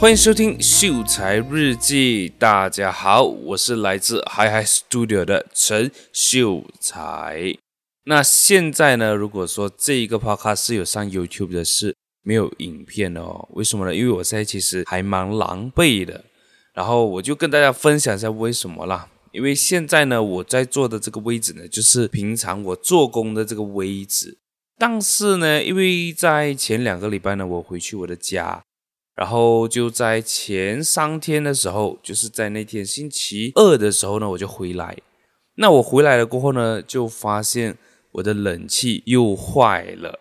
歡迎收聽《秀財日記》。大家好，我是來自 Hyhy Studio 的陳秀財。那現在呢，如果說這一個 Podcast 是有上 YouTube 的是沒有影片哦？為什麼呢？因為我現在其實還蠻狼狽的。然後我就跟大家分享一下為什麼啦。因為現在呢，我在坐的這個位置呢，就是平常我做工的這個位置。但是呢，因為在前兩個禮拜呢，我回去我的家。然後就在前三天的時候，就是在那天星期二的時候呢，我就回來。那我回來了過後呢，就發現我的冷氣又壞了。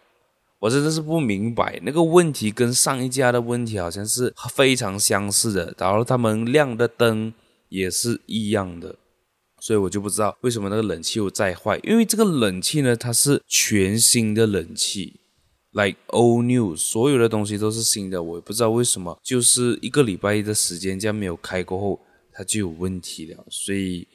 我真的是不明白，那個問題跟上一家的問題好像是非常相似的，然後他們亮的燈也是一樣的，所以我就不知道為什麼那個冷氣又再壞。因為這個冷氣呢，它是全新的冷氣。Like all new，所有的東西都是新的。我也不知道為什麼，就是一個禮拜一的時間，這樣沒有開過後，它就有問題了。所以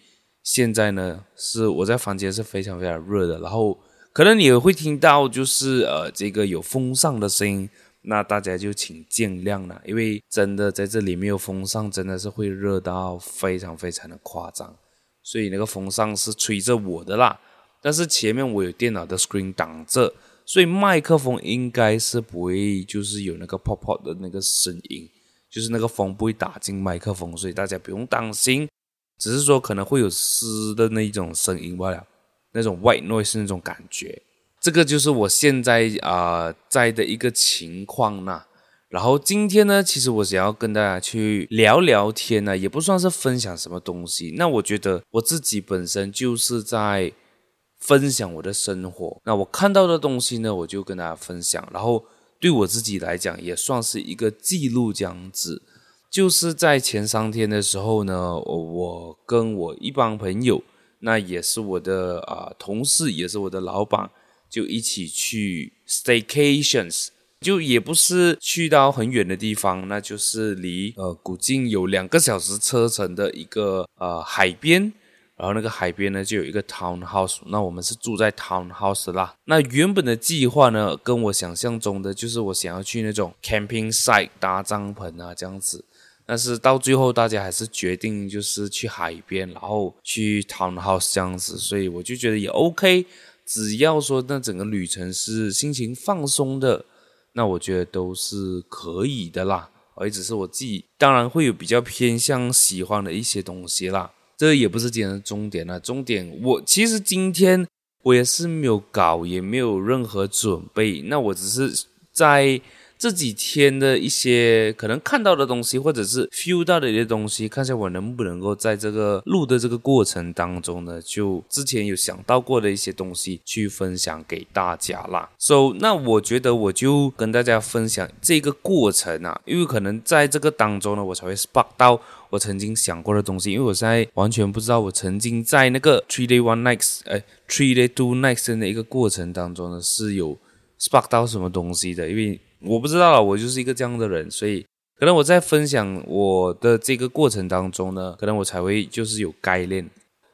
現在呢，是我在房間是非常非常熱的。然後可能你也會聽到就是呃這個有風扇的聲音，那大家就請見諒啦，因為真的在這裡沒有風扇，真的是會熱到非常非常的誇張。所以那個風扇是吹着我的啦，但是前面我有電腦的 screen 擋着。所以麥克風應該是不會，就是有那個泡泡的那個聲音，就是那個風不會打進麥克風，所以大家不用擔心，只是說可能會有濕的那一種聲音罷了，那種 white noise 那種感覺，這個就是我現在啊、呃、在的一個情況啦。然後今天呢，其實我想要跟大家去聊聊天呢，也不算是分享什麼東西。那我覺得我自己本身就是在分享我的生活，那我看到的東西呢，我就跟大家分享。然後對我自己來講，也算是一個記錄這樣子。就是在前三天的時候呢，我跟我一幫朋友，那也是我的啊、呃、同事，也是我的老板，就一起去 staycations，就也不是去到很遠的地方，那就是離呃古晉有兩個小時車程的一個呃海邊。然後那個海邊呢，就有一個 town house，那我們是住在 town house 啦。那原本的計劃呢，跟我想象中的就是我想要去那種 camping site 搭帳篷啊這樣子，但是到最後大家還是決定就是去海邊，然後去 town house 這樣子，所以我就覺得也 OK，只要說那整個旅程是心情放鬆的，那我覺得都是可以的啦。而只是我自己，當然會有比較偏向喜歡的一些東西啦。這個也不是今天的終點啊，終點我其實今天我也是沒有搞，也沒有任何準備，那我只是在。這幾天的一些可能看到的東西，或者是 feel 到的一些東西，看一下我能不能夠在這個錄的這個過程當中呢，就之前有想到過的一些東西去分享給大家啦。So，那我覺得我就跟大家分享這個過程啊，因為可能在這個當中呢，我才會 spark 到我曾經想過的東西，因為我現在完全不知道我曾經在那個 three day one nights 哎 three day two nights 的一個過程當中呢是有。spark 到什麼東西的，因為我不知道了，我就是一個這樣的人，所以可能我在分享我的這個過程當中呢，可能我才會就是有概念。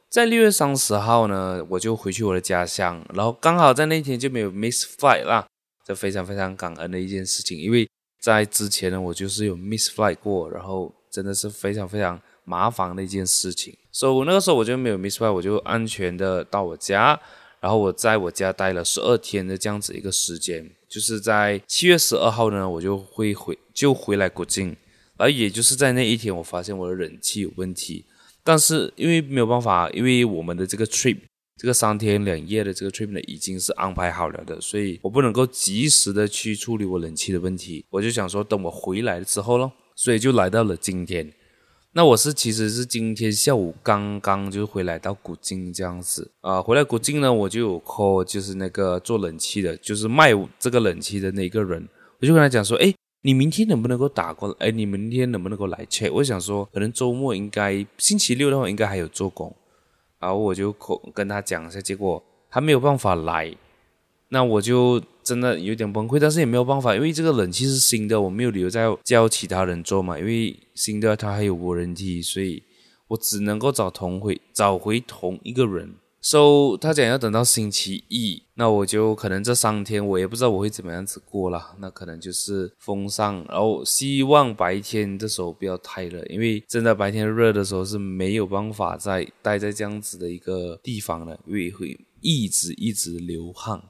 在六月三十號呢，我就回去我的家鄉，然後剛好在那天就沒有 miss flight 啦，這非常非常感恩的一件事情，因為在之前呢，我就是有 miss flight 過，然後真的是非常非常麻煩的一件事情，所以我那個時候我就沒有 miss flight，我就安全的到我家。然後我在我家待了十二天的這樣子一個時間，就是在七月十二號呢，我就會回就回來過境，而也就是在那一天，我發現我的冷氣有問題，但是因為沒有辦法，因為我們的這個 trip 這個三天兩夜的這個 trip 呢，已經是安排好了的，所以我不能夠及時的去處理我冷氣的問題，我就想說等我回來之後咯，所以就來到了今天。那我是其實是今天下午剛剛就回來到古晉這樣子啊，回來古晉呢，我就有 call 就是那個做冷氣的，就是賣這個冷氣的那一個人，我就跟他講說，哎，你明天能不能夠打過來？哎，你明天能不能夠來 check？我想說，可能周末應該星期六的話應該還有做工，然後我就口跟他講一下，結果他沒有辦法來。那我就真的有點崩潰，但是也沒有辦法，因為這個冷氣是新的，我沒有理由再叫其他人做嘛，因為新的它還有無人機，所以我只能夠找同回，找回同一個人。So，他講要等到星期一，那我就可能這三天我也不知道我會怎麼樣子過啦，那可能就是風扇，然後希望白天的時候不要太熱，因為真的白天熱的時候是沒有辦法再待在這樣子的一個地方了，因為會一直一直流汗。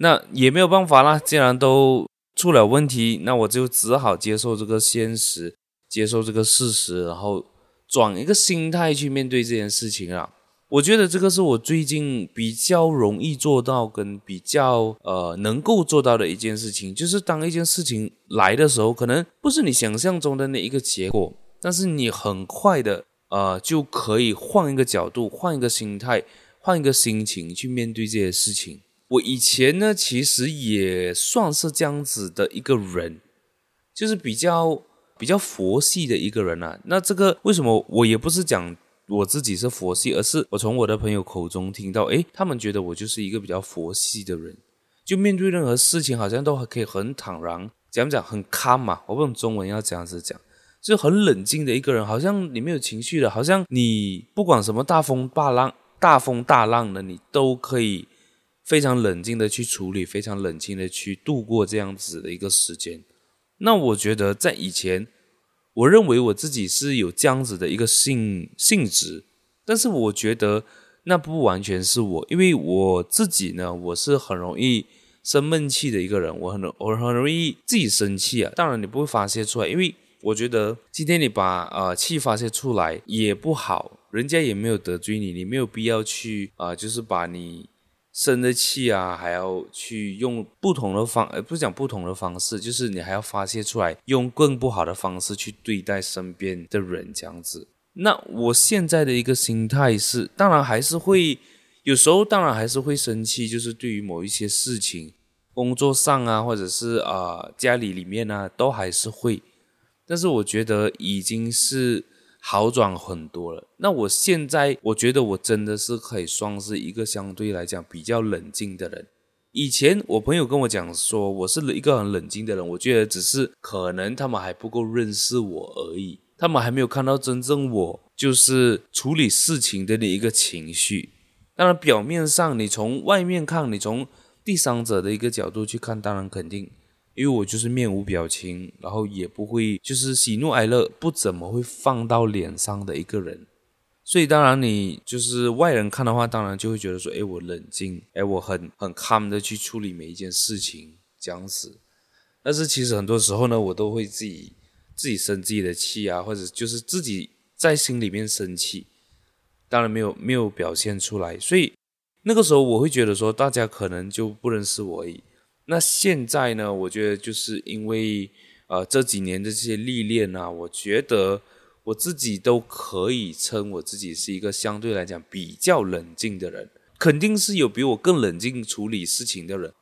那也沒有辦法啦，既然都出了問題，那我就只好接受這個現實，接受這個事實，然後轉一個心態去面對這件事情了。我覺得這個是我最近比較容易做到，跟比較呃能夠做到的一件事情，就是當一件事情來的時候，可能不是你想象中的那一個結果，但是你很快的呃就可以換一個角度，換一個心態，換一個心情去面對這些事情。我以前呢，其實也算是這樣子的一個人，就是比較比較佛系的一個人啊。那這個為什麼我也不是講我自己是佛系，而是我從我的朋友口中聽到，誒，他們覺得我就是一個比較佛系的人，就面對任何事情好像都可以很坦然，講不講很 calm 嘛？我不懂中文要這樣子講，就很冷靜的一個人，好像你沒有情緒的，好像你不管什麼大風大浪、大風大浪的，你都可以。非常冷靜的去處理，非常冷靜的去度過這樣子的一個時間。那我覺得在以前，我認為我自己是有這樣子的一個性性質，但是我覺得那不完全是我，因為我自己呢，我是很容易生悶氣的一個人，我很我很容易自己生氣啊。當然你不會發洩出來，因為我覺得今天你把呃氣發洩出來也不好，人家也沒有得罪你，你沒有必要去啊，呃，就是把你。生的氣啊，還要去用不同的方，呃，不講不同的方式，就是你還要發洩出來，用更不好的方式去對待身邊的人這樣子。那我現在的一個心態是，當然還是會，有時候當然還是會生氣，就是對於某一些事情，工作上啊，或者是啊家裡裡面呢，啊，都還是會。但是我覺得已經是。好轉很多了。那我現在，我覺得我真的是可以算是一個相對來講比較冷靜的人。以前我朋友跟我講說，我是一個很冷靜的人。我覺得只是可能他們還不夠認識我而已，他們還沒有看到真正我就是處理事情的那一個情緒。當然，表面上你從外面看，你從第三者的一個角度去看，當然肯定。因為我就是面無表情，然後也不會就是喜怒哀樂不怎麼會放到臉上的一個人，所以當然你就是外人看的話，當然就會覺得說，哎，我冷靜，哎，我很很 calm 的去處理每一件事情，這樣子。但是其實很多時候呢，我都會自己自己生自己的氣啊，或者就是自己在心裡面生氣，當然沒有沒有表現出來，所以那個時候我會覺得說，大家可能就不認識我而已。那現在呢，我覺得就是因為呃這幾年的這些歷練啊，我覺得我自己都可以稱我自己是一個相對來講比較冷靜的人。肯定是有比我更冷靜處理事情的人。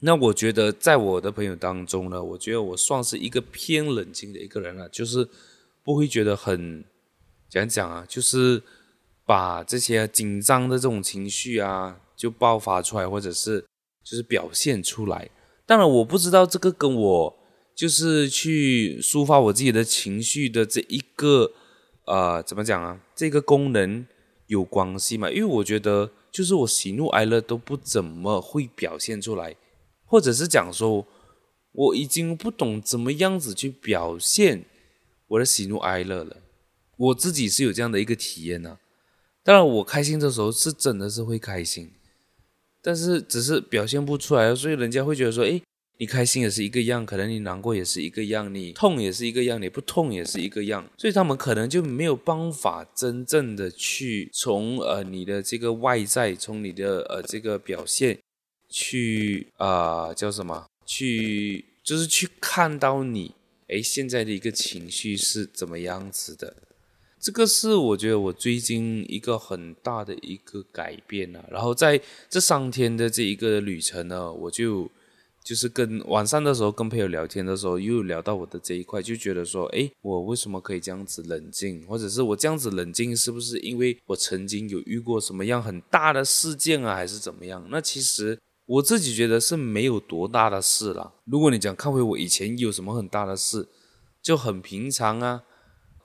那我覺得在我的朋友當中呢，我覺得我算是一個偏冷靜的一個人了，啊，就是不會覺得很，怎樣講啊？就是把這些緊張的這種情緒啊就爆發出來，或者是。就是表現出來，當然我不知道這個跟我就是去抒發我自己的情緒的這一個呃怎麼講啊，這個功能有關係嘛？因為我覺得就是我喜怒哀樂都不怎麼會表現出來，或者是講說我已經不懂怎麼樣子去表現我的喜怒哀樂了，我自己是有這樣的一個體驗呢、啊。當然我開心的時候是真的是會開心。但是只是表現不出來，所以人家會覺得說：哎，你開心也是一個樣，可能你難過也是一個樣，你痛也是一個樣，你不痛也是一個樣。所以他們可能就沒有辦法真正的去從呃你的這個外在，從你的呃這個表現去，去、呃、啊叫什麼？去就是去看到你哎現在的一個情緒是怎麼樣子的。這個是我覺得我最近一個很大的一個改變啊。然後在這三天的這一個旅程呢，我就就是跟晚上的時候跟朋友聊天的時候，又聊到我的這一塊，就覺得說，誒，我為什麼可以這樣子冷靜？或者是我這樣子冷靜，是不是因為我曾經有遇過什麼樣很大的事件啊，還是怎麼樣？那其實我自己覺得是沒有多大的事啦。如果你講看回我以前有什麼很大的事，就很平常啊。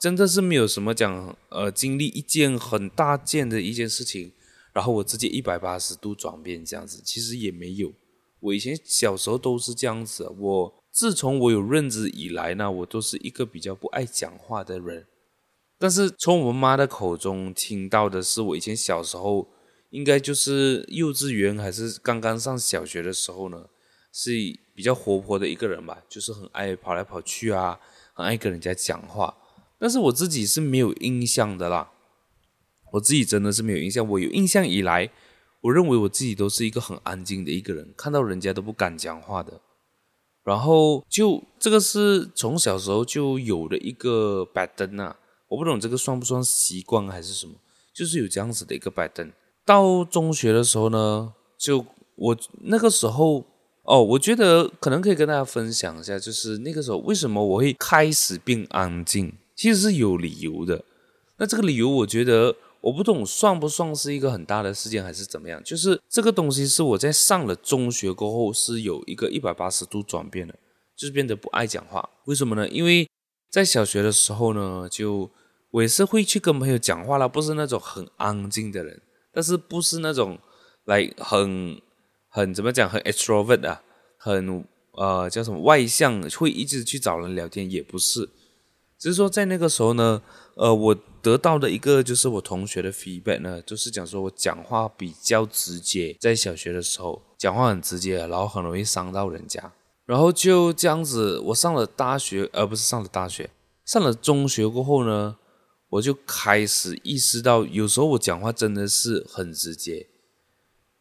真的是沒有什麼講，呃，經歷一件很大件的一件事情，然後我直接一百八十度轉變這樣子，其實也沒有。我以前小時候都是這樣子。我自從我有認知以來呢，我都是一個比較不愛講話的人。但是從我媽的口中聽到的是，我以前小時候應該就是幼稚園還是剛剛上小學的時候呢，是比較活潑的一個人吧，就是很愛跑來跑去啊，很愛跟人家講話。但是我自己是沒有印象的啦，我自己真的是沒有印象。我有印象以來，我認為我自己都是一個很安靜的一個人，看到人家都不敢講話的。然後就這個是從小時候就有的一個 pattern 吶，我不懂這個算不算習慣還是什麼，就是有這樣子的一個 pattern。到中學的時候呢，就我那個時候哦，我覺得可能可以跟大家分享一下，就是那個時候為什麼我會開始變安靜。其實是有理由的，那這個理由我覺得我不懂算不算是一個很大的事件還是怎麼樣？就是這個東西是我在上了中學過後是有一個一百八十度轉變的，就是變得不愛講話。為什麼呢？因為在小學的時候呢，就我也是會去跟朋友講話了，不是那種很安靜的人，但是不是那種來、like、很很怎麼講很 extrovert 啊，很呃叫什麼外向，會一直去找人聊天，也不是。所以說，在那個時候呢，呃，我得到的一個就是我同學的 feedback 呢，就是講說我講話比較直接，在小學的時候講話很直接，然後很容易傷到人家。然後就這樣子，我上了大學，而、呃、不是上了大學，上了中學過後呢，我就開始意識到，有時候我講話真的是很直接，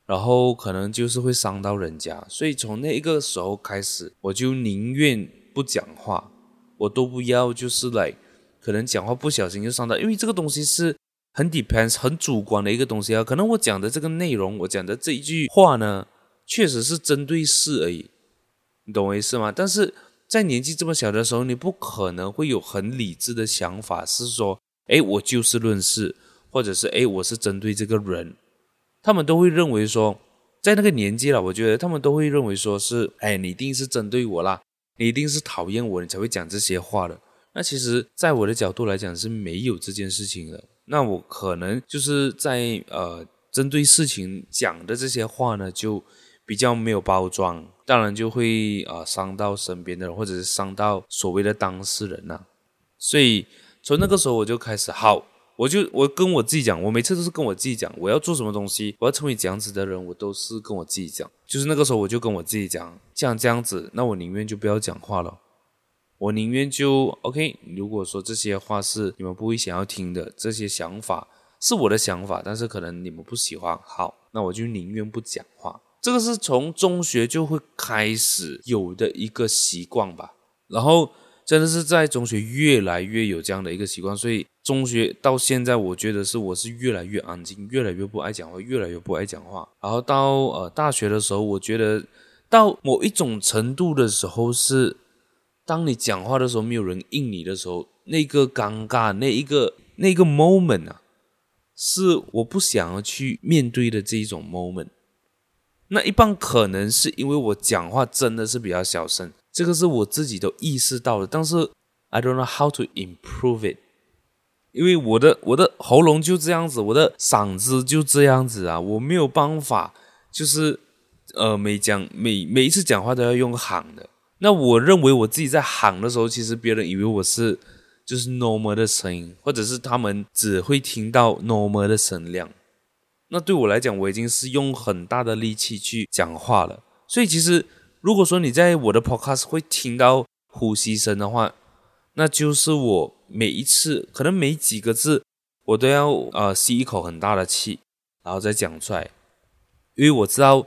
然後可能就是會傷到人家。所以從那一個時候開始，我就寧願不講話。我都不要，就是來，可能講話不小心就傷到。因為這個東西是很 depends、很主觀的一個東西啊。可能我講的這個內容，我講的這一句話呢，確實是針對事而已，你懂我意思嗎？但是在年紀這麼小的時候，你不可能會有很理智的想法，是說，哎，我就事論事，或者是，哎，我是針對這個人，他們都會認為說，在那個年紀了，我覺得他們都會認為說是，哎，你一定是針對我啦。你一定是討厭我，你才會講這些話的。那其實，在我的角度來講是沒有這件事情的。那我可能就是在呃針對事情講的這些話呢，就比較沒有包裝，當然就會啊、呃、傷到身邊的人，或者是傷到所謂的當事人吶、啊。所以從那個時候我就開始好。我就我跟我自己講，我每次都是跟我自己講，我要做什麼東西，我要成為這樣子的人，我都是跟我自己講。就是那個時候，我就跟我自己講，像這樣子，那我寧願就不要講話了，我寧願就 OK。如果說這些話是你們不會想要聽的，這些想法是我的想法，但是可能你們不喜歡。好，那我就寧願不講話。這個是從中學就會開始有的一個習慣吧。然後。真的是在中學越來越有這樣的一個習慣，所以中學到現在，我覺得是我是越來越安靜，越來越不愛講話，越來越不愛講話。然後到呃大學的時候，我覺得到某一種程度的時候是，是當你講話的時候沒有人應你的時候，那個尷尬，那一個那個 moment 啊，是我不想要去面對的這一種 moment。那一般可能是因為我講話真的是比較小聲。這個是我自己都意識到的，但是 I don't know how to improve it，因為我的我的喉嚨就這樣子，我的嗓子就這樣子啊，我沒有辦法，就是呃，每講每每一次講話都要用喊的。那我認為我自己在喊的時候，其實別人以為我是就是 normal 的聲音，或者是他們只會聽到 normal 的聲量。那對我來講，我已經是用很大的力氣去講話了，所以其實。如果說你在我的 podcast 會聽到呼吸聲的話，那就是我每一次可能每幾個字，我都要呃吸一口很大的氣，然後再講出來。因為我知道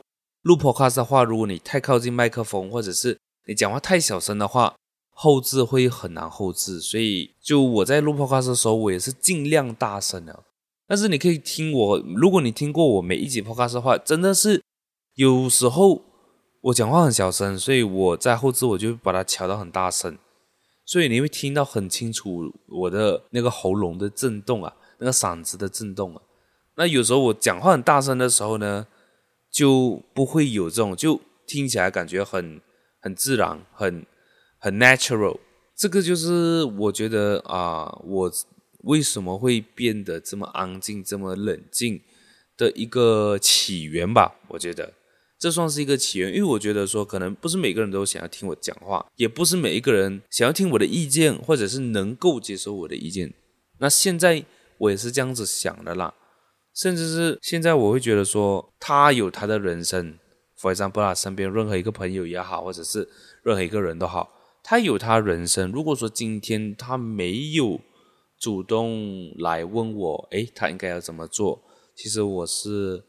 錄 podcast 的話，如果你太靠近麥克風，或者是你講話太小聲的話，後製會很難後製。所以就我在錄 podcast 的時候，我也是儘量大聲的。但是你可以聽我，如果你聽過我每一集 podcast 的話，真的是有時候。我講話很小聲，所以我在後製我就把它調到很大聲，所以你會聽到很清楚我的那個喉嚨的震動啊，那個嗓子的震動啊。那有時候我講話很大聲的時候呢，就不會有這種，就聽起來感覺很很自然，很很 natural。這個就是我覺得啊、呃，我為什麼會變得這麼安靜、這麼冷靜的一個起源吧，我覺得。這算是一個起源，因為我覺得說，可能不是每個人都想要聽我講話，也不是每一個人想要聽我的意見，或者是能夠接受我的意見。那現在我也是這樣子想的啦，甚至是現在我會覺得說，他有他的人生，for example，他身邊任何一個朋友也好，或者是任何一個人都好，他有他人生。如果說今天他沒有主動來問我，誒，他應該要怎麼做？其實我是。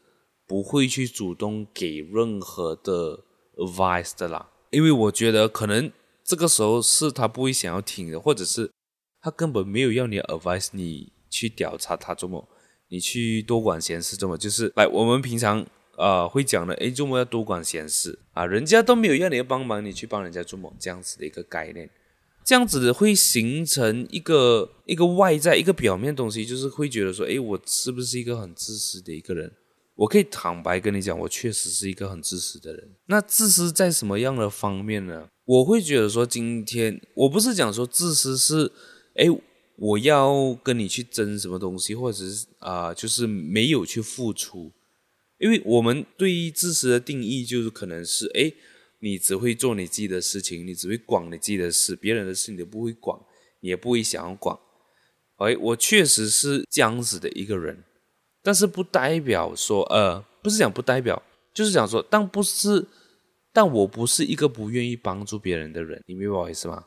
不會去主動給任何的 advice 的啦，因為我覺得可能這個時候是他不會想要聽的，或者是他根本沒有要你的 advice，你去調查他做麼，你去多管閒事做麼，就是來我們平常啊、呃、會講的，誒，做麼要多管閒事啊，人家都沒有要你要幫忙，你去幫人家做麼這樣子的一個概念，這樣子會形成一個一個外在一個表面的東西，就是會覺得說，誒，我是不是一個很自私的一個人？我可以坦白跟你講，我確實是一個很自私的人。那自私在什麼樣的方面呢？我會覺得說，今天我不是講說自私是，誒，我要跟你去爭什麼東西，或者是啊、呃，就是沒有去付出。因為我們對於自私的定義就是，可能是誒，你只會做你自己的事情，你只會管你自己的事，別人的事你都不會管，你也不會想要管。誒，我確實是這樣子的一個人。但是不代表說，呃，不是講不代表，就是講說，但不是，但我不是一個不願意幫助別人的人，你明白我意思嗎？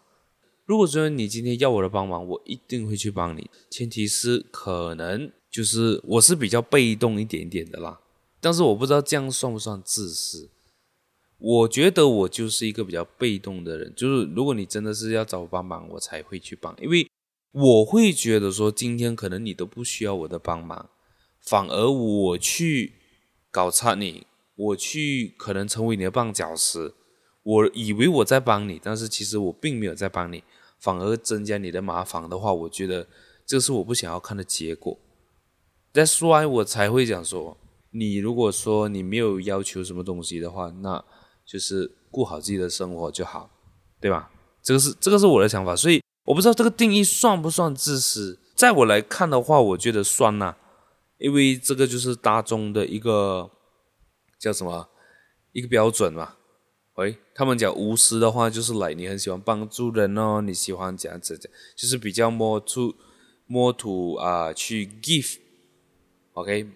如果說你今天要我的幫忙，我一定會去幫你。前提是可能就是我是比較被動一點點的啦，但是我不知道這樣算不算自私。我覺得我就是一個比較被動的人，就是如果你真的是要找我幫忙，我才會去幫，因為我會覺得說，今天可能你都不需要我的幫忙。反而我去搞差你，我去可能成為你的絆腳石。我以為我在幫你，但是其實我並沒有在幫你，反而增加你的麻煩的話，我覺得這是我不想要看的結果。That's why 我才會講說，你如果說你沒有要求什麼東西的話，那就是過好自己的生活就好，對吧？這個是這個是我的想法，所以我不知道這個定義算不算自私。在我來看的話，我覺得算吶、啊。因為這個就是大眾的一個叫什麼一個標準嘛。喂、okay?，他們講無私的話，就是來、like、你很喜歡幫助人哦。你喜歡這樣子講，就是比較摸出摸土啊去 give，OK，、okay?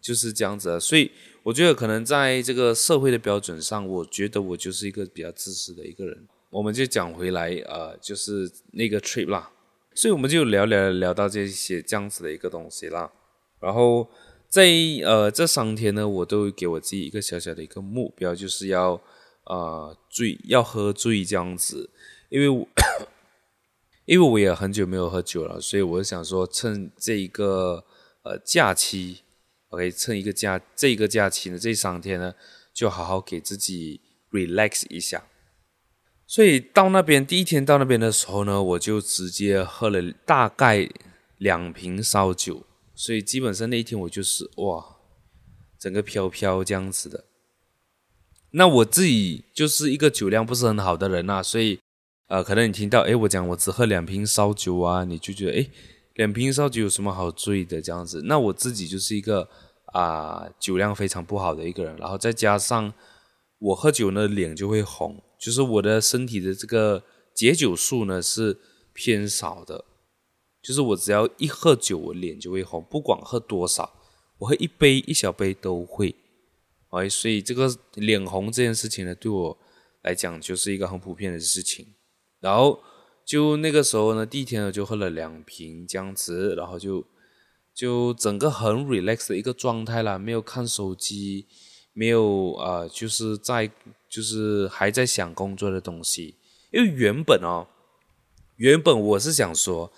就是這樣子。所以我覺得可能在這個社會的標準上，我覺得我就是一個比較自私的一個人。我們就講回來呃，就是那個 trip 啦。所以我們就聊聊聊到這些這樣子的一個東西啦。然後在呃這三天呢，我都給我自己一個小小的一個目標，就是要啊、呃、醉要喝醉這樣子，因為因為我也很久沒有喝酒了，所以我就想說趁這一個呃假期，OK，趁一個假這個假期呢這三天呢，就好好給自己 relax 一下。所以到那邊第一天到那邊的時候呢，我就直接喝了大概兩瓶燒酒。所以基本上那一天我就是哇，整個飄飄這樣子的。那我自己就是一個酒量不是很好的人吶、啊，所以，呃，可能你聽到誒，我講我只喝兩瓶燒酒啊，你就覺得誒，兩瓶燒酒有什麼好醉的這樣子。那我自己就是一個啊、呃、酒量非常不好的一個人，然後再加上我喝酒呢臉就會紅，就是我的身體的這個解酒素呢是偏少的。就是我只要一喝酒，我臉就會紅，不管喝多少，我喝一杯一小杯都會，哎、啊，所以這個臉紅這件事情呢，對我來講就是一個很普遍的事情。然後就那個時候呢，第一天呢就喝了兩瓶這樣子，然後就就整個很 relax 的一個狀態了，沒有看手機，沒有啊、呃，就是在就是還在想工作的東西，因為原本哦，原本我是想說。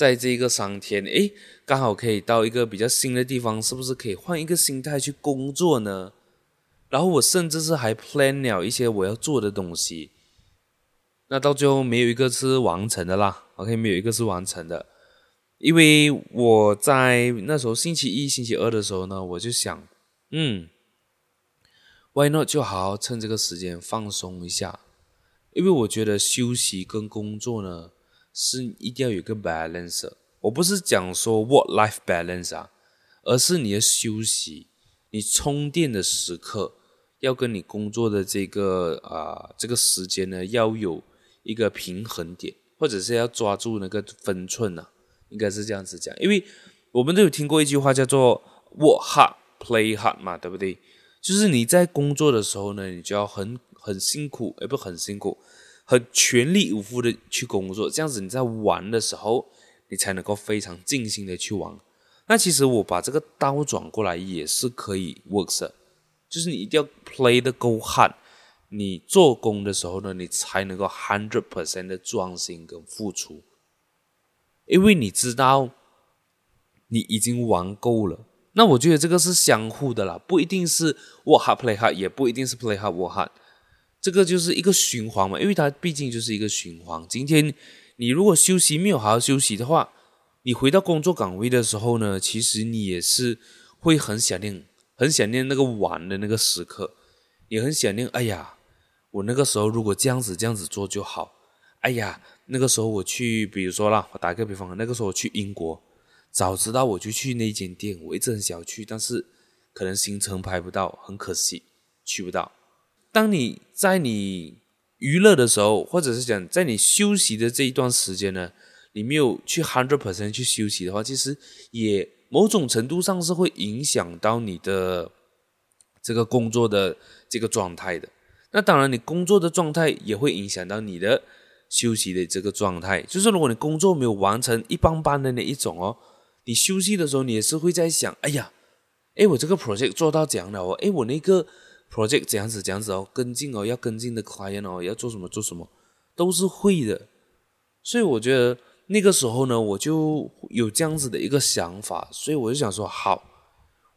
在這一個三天，誒，剛好可以到一個比較新的地方，是不是可以換一個心態去工作呢？然後我甚至是還 plan 了一些我要做的東西，那到最後沒有一個是完成的啦。OK，沒有一個是完成的，因為我在那時候星期一、星期二的時候呢，我就想，嗯，why not 就好好趁這個時間放鬆一下。因為我覺得休息跟工作呢。是一定要有一個 balance，我不是講說 work life balance 啊，而是你的休息、你充電的時刻，要跟你工作的這個啊、呃、這個時間呢，要有一個平衡點，或者是要抓住那個分寸啊，應該是這樣子講。因為我們都有聽過一句話叫做 work hard, play hard，嘛，對不對？就是你在工作的時候呢，你就要很很辛苦，而、哎、不很辛苦。很全力以赴的去工作，這樣子你在玩的時候，你才能夠非常盡興的去玩。那其實我把這個倒轉過來也是可以 work 的，就是你一定要 play 的夠 hard，你做工的時候呢，你才能夠 hundred percent 的專心跟付出，因為你知道你已經玩夠了。那我覺得這個是相互的啦，不一定是 work hard play hard，也不一定是 play hard work hard。這個就是一個循環嘛，因為它畢竟就是一個循環。今天你如果休息沒有好好休息的話，你回到工作崗位的時候呢，其實你也是會很想念、很想念那個玩的那個時刻，也很想念。哎呀，我那個時候如果這樣子、這樣子做就好。哎呀，那個時候我去，比如說啦，我打個比方，那個時候我去英國，早知道我就去那間店，我一直很想去，但是可能行程排不到，很可惜，去不到。當你在你娛樂的時候，或者是講在你休息的這一段時間呢，你沒有去 hundred percent 去休息的話，其實也某種程度上是會影響到你的這個工作的這個狀態的。那當然，你工作的狀態也會影響到你的休息的這個狀態。就是如果你工作沒有完成一般般的那一種哦，你休息的時候你也是會在想，哎呀，哎，我這個 project 做到這樣了，哦，哎，我那個。project 這樣子，這樣子哦，跟進哦，要跟進的 client 哦，要做什麼，做什麼，都是會的。所以我覺得那個時候呢，我就有這樣子的一個想法。所以我就想說，好，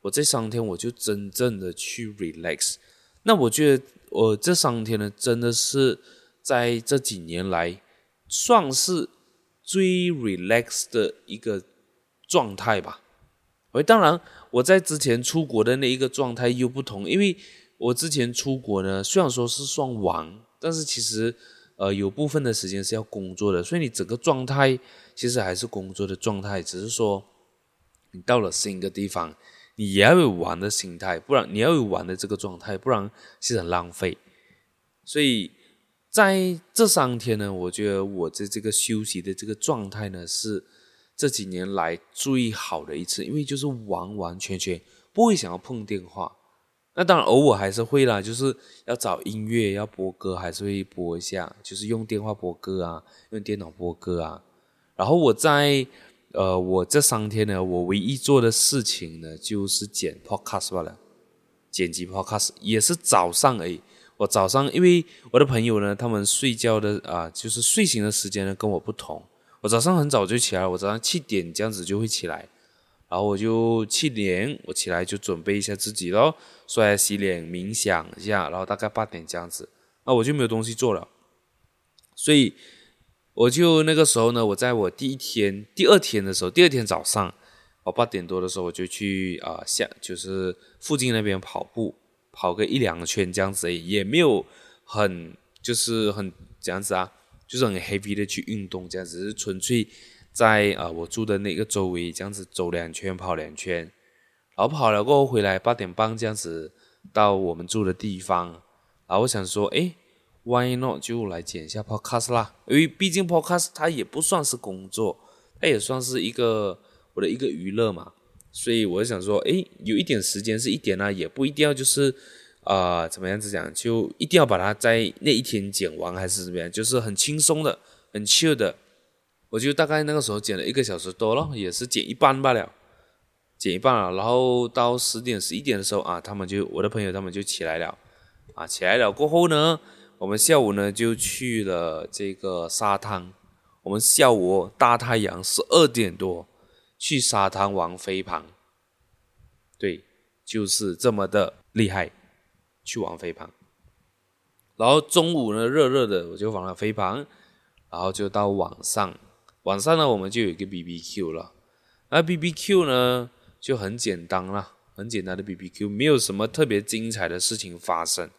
我這三天我就真正的去 relax。那我覺得我這三天呢，真的是在這幾年來算是最 relax 的一個狀態吧。哎，當然我在之前出國的那一個狀態又不同，因為。我之前出國呢，雖然說是算玩，但是其實，呃，有部分的時間是要工作的，所以你整個狀態其實還是工作的狀態，只是說你到了新一個地方，你也要有玩的心態，不然你要有玩的這個狀態，不然其實很浪費。所以在這三天呢，我覺得我的這個休息的這個狀態呢，是這幾年來最好的一次，因為就是完完全全不會想要碰電話。那當然，偶爾我還是會啦，就是要找音樂，要播歌，還是會播一下，就是用電話播歌啊，用電腦播歌啊。然後我在，呃，我這三天呢，我唯一做的事情呢，就是剪 podcast 罷了，剪輯 podcast 也是早上，誒，我早上，因為我的朋友呢，他們睡覺的啊，就是睡醒的時間呢跟我不同，我早上很早就起來，我早上七點這樣子就會起來。然後我就七點，我起來就準備一下自己嘍，刷牙、洗臉、冥想一下，然後大概八點這樣子，那我就沒有東西做了，所以我就那個時候呢，我在我第一天、第二天的時候，第二天早上，我八點多的時候，我就去啊，下就是附近那邊跑步，跑個一兩圈這樣子而已，也沒有很就是很這樣子啊，就是很 heavy 的去運動這樣子，是純粹。在啊、呃，我住的那個周圍這樣子走兩圈，跑兩圈，然後跑了過後回來八點半這樣子到我們住的地方，然後我想說，哎，Why not 就來剪一下 Podcast 啦？因為畢竟 Podcast 它也不算是工作，它也算是一個我的一個娛樂嘛。所以我想說，哎，有一點時間是一點啦，啊，也不一定要就是啊、呃、怎麼樣子講，就一定要把它在那一天剪完還是怎麼樣，就是很輕鬆的，很 chill 的。我就大概那個時候剪了一個小時多了，也是剪一半罷了，剪一半了。然後到十點十一點的時候啊，他們就我的朋友他們就起來了，啊起來了過後呢，我們下午呢就去了這個沙灘。我們下午大太陽十二點多去沙灘玩飛盤，對，就是這麼的厲害，去玩飛盤。然後中午呢熱熱的我就玩了飛盤，然後就到晚上。晚上呢，我們就有一個 BBQ 了，那 BBQ 呢就很簡單了，很簡單的 BBQ，沒有什麼特別精彩的事情發生。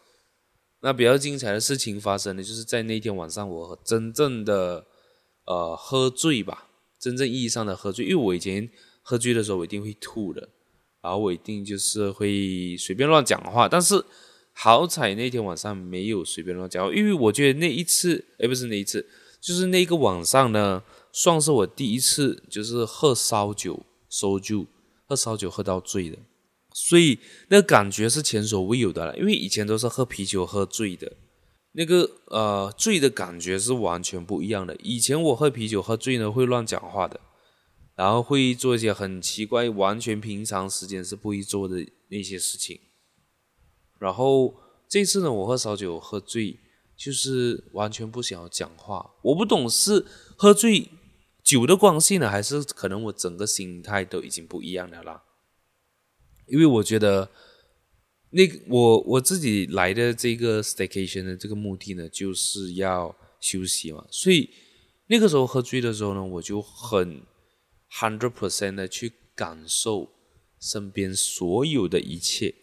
那比較精彩的事情發生呢，就是在那天晚上，我真正的呃喝醉吧，真正意義上的喝醉，因為我以前喝醉的時候，我一定會吐的，然後我一定就是會隨便亂講話。但是好彩那天晚上沒有隨便亂講話，因為我覺得那一次，哎，不是那一次，就是那個晚上呢。算是我第一次就是喝燒酒 Soju，Soju，喝燒酒喝到醉的，所以那個感覺是前所未有的了，因為以前都是喝啤酒喝醉的，那個呃醉的感覺是完全不一樣的。以前我喝啤酒喝醉呢，會亂講話的，然後會做一些很奇怪、完全平常時間是不宜做的那些事情。然後這次呢，我喝燒酒喝醉，就是完全不想要講話，我不懂是喝醉酒的關係呢，還是可能我整個心態都已經不一樣的啦。因為我覺得，那我我自己來的這個 staycation 的這個目的呢，就是要休息嘛。所以那個時候喝醉的時候呢，我就很 hundred percent 的去感受身邊所有的一切。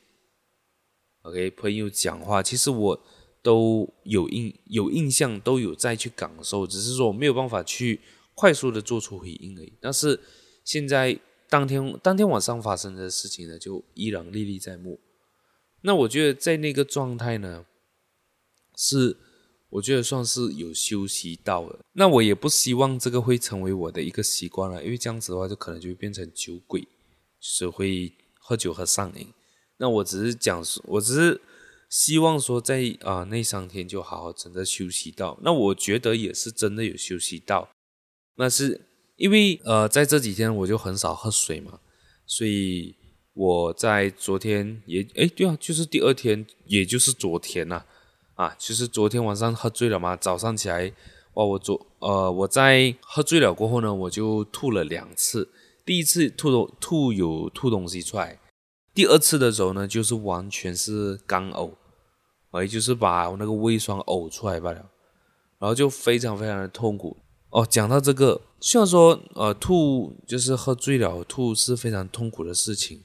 OK，朋友講話，其實我都有印有印象，都有在去感受，只是說我沒有辦法去。快速的做出回應而已，但是現在當天當天晚上發生的事情呢，就依然歷歷在目。那我覺得在那個狀態呢，是我覺得算是有休息到了。那我也不希望這個會成為我的一個習慣了，因為這樣子的話，就可能就會變成酒鬼，就是會喝酒喝上癮。那我只是講，我只是希望說在，在、呃、啊那三天就好好真的休息到。那我覺得也是真的有休息到。那是因為呃，在這幾天我就很少喝水嘛，所以我在昨天也哎，對啊，就是第二天，也就是昨天吶，啊，其實昨天晚上喝醉了嘛，早上起來哇，我昨呃我在喝醉了過後呢，我就吐了兩次，第一次吐吐有吐東西出來，第二次的時候呢，就是完全是乾嘔，哎，就是把那個胃酸嘔出來罷了，然後就非常非常的痛苦。哦，講到這個，雖然說呃，吐就是喝醉了吐是非常痛苦的事情，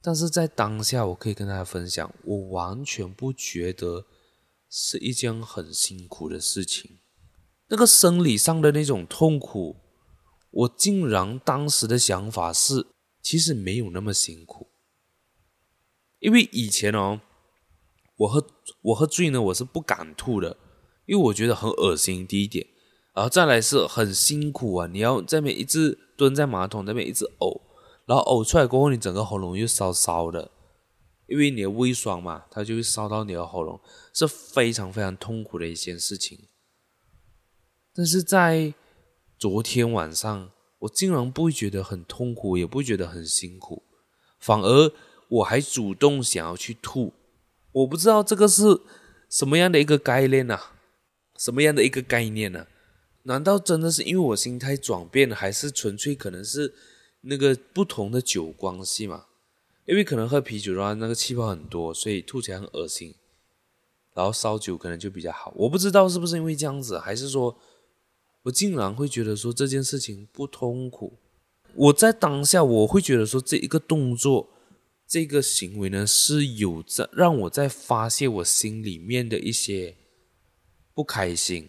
但是在當下，我可以跟大家分享，我完全不覺得是一件很辛苦的事情。那個生理上的那種痛苦，我竟然當時的想法是，其實沒有那麼辛苦。因為以前哦，我喝我喝醉呢，我是不敢吐的，因為我覺得很噁心，第一點。然後再來是很辛苦啊！你要在那邊一直蹲在馬桶，在那邊一直嘔，然後嘔出來過後，你整個喉嚨又燒燒的，因為你的胃酸嘛，它就會燒到你的喉嚨，是非常非常痛苦的一件事情。但是在昨天晚上，我竟然不會覺得很痛苦，也不會覺得很辛苦，反而我還主動想要去吐。我不知道這個是什麼樣的一個概念呢、啊？什麼樣的一個概念呢、啊？難道真的是因為我心態轉變，還是純粹可能是那個不同的酒關係嘛？因為可能喝啤酒的話，那個氣泡很多，所以吐起來很噁心。然後燒酒可能就比較好，我不知道是不是因為這樣子，還是說我竟然會覺得說這件事情不痛苦。我在當下我會覺得說這一個動作，這個行為呢，是有著讓我在發洩我心裡面的一些不開心。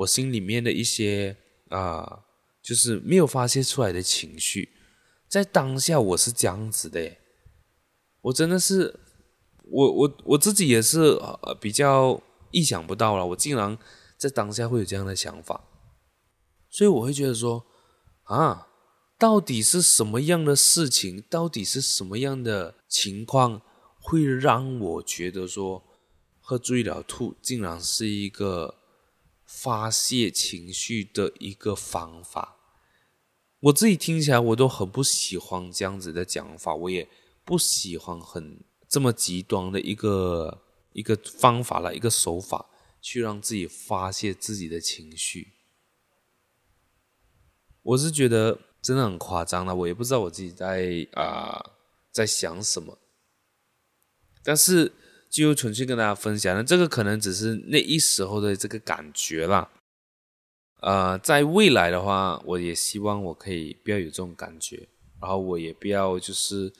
我心裡面的一些啊、呃，就是沒有發洩出來的情緒，在當下我是這樣子的，我真的是，我我我自己也是、呃、比較意想不到了，我竟然在當下會有這樣的想法，所以我會覺得說，啊，到底是什麼樣的事情，到底是什麼樣的情況，會讓我覺得說，喝醉了吐，竟然是一個。發洩情緒的一個方法，我自己聽起來我都很不喜歡這樣子的講法，我也不喜歡很這麼極端的一個一個方法啦，一個手法去讓自己發洩自己的情緒。我是覺得真的很誇張了、啊，我也不知道我自己在啊、呃、在想什麼，但是。就純粹跟大家分享，那這個可能只是那一時候的這個感覺啦。呃，在未來的話，我也希望我可以不要有這種感覺，然後我也不要就是，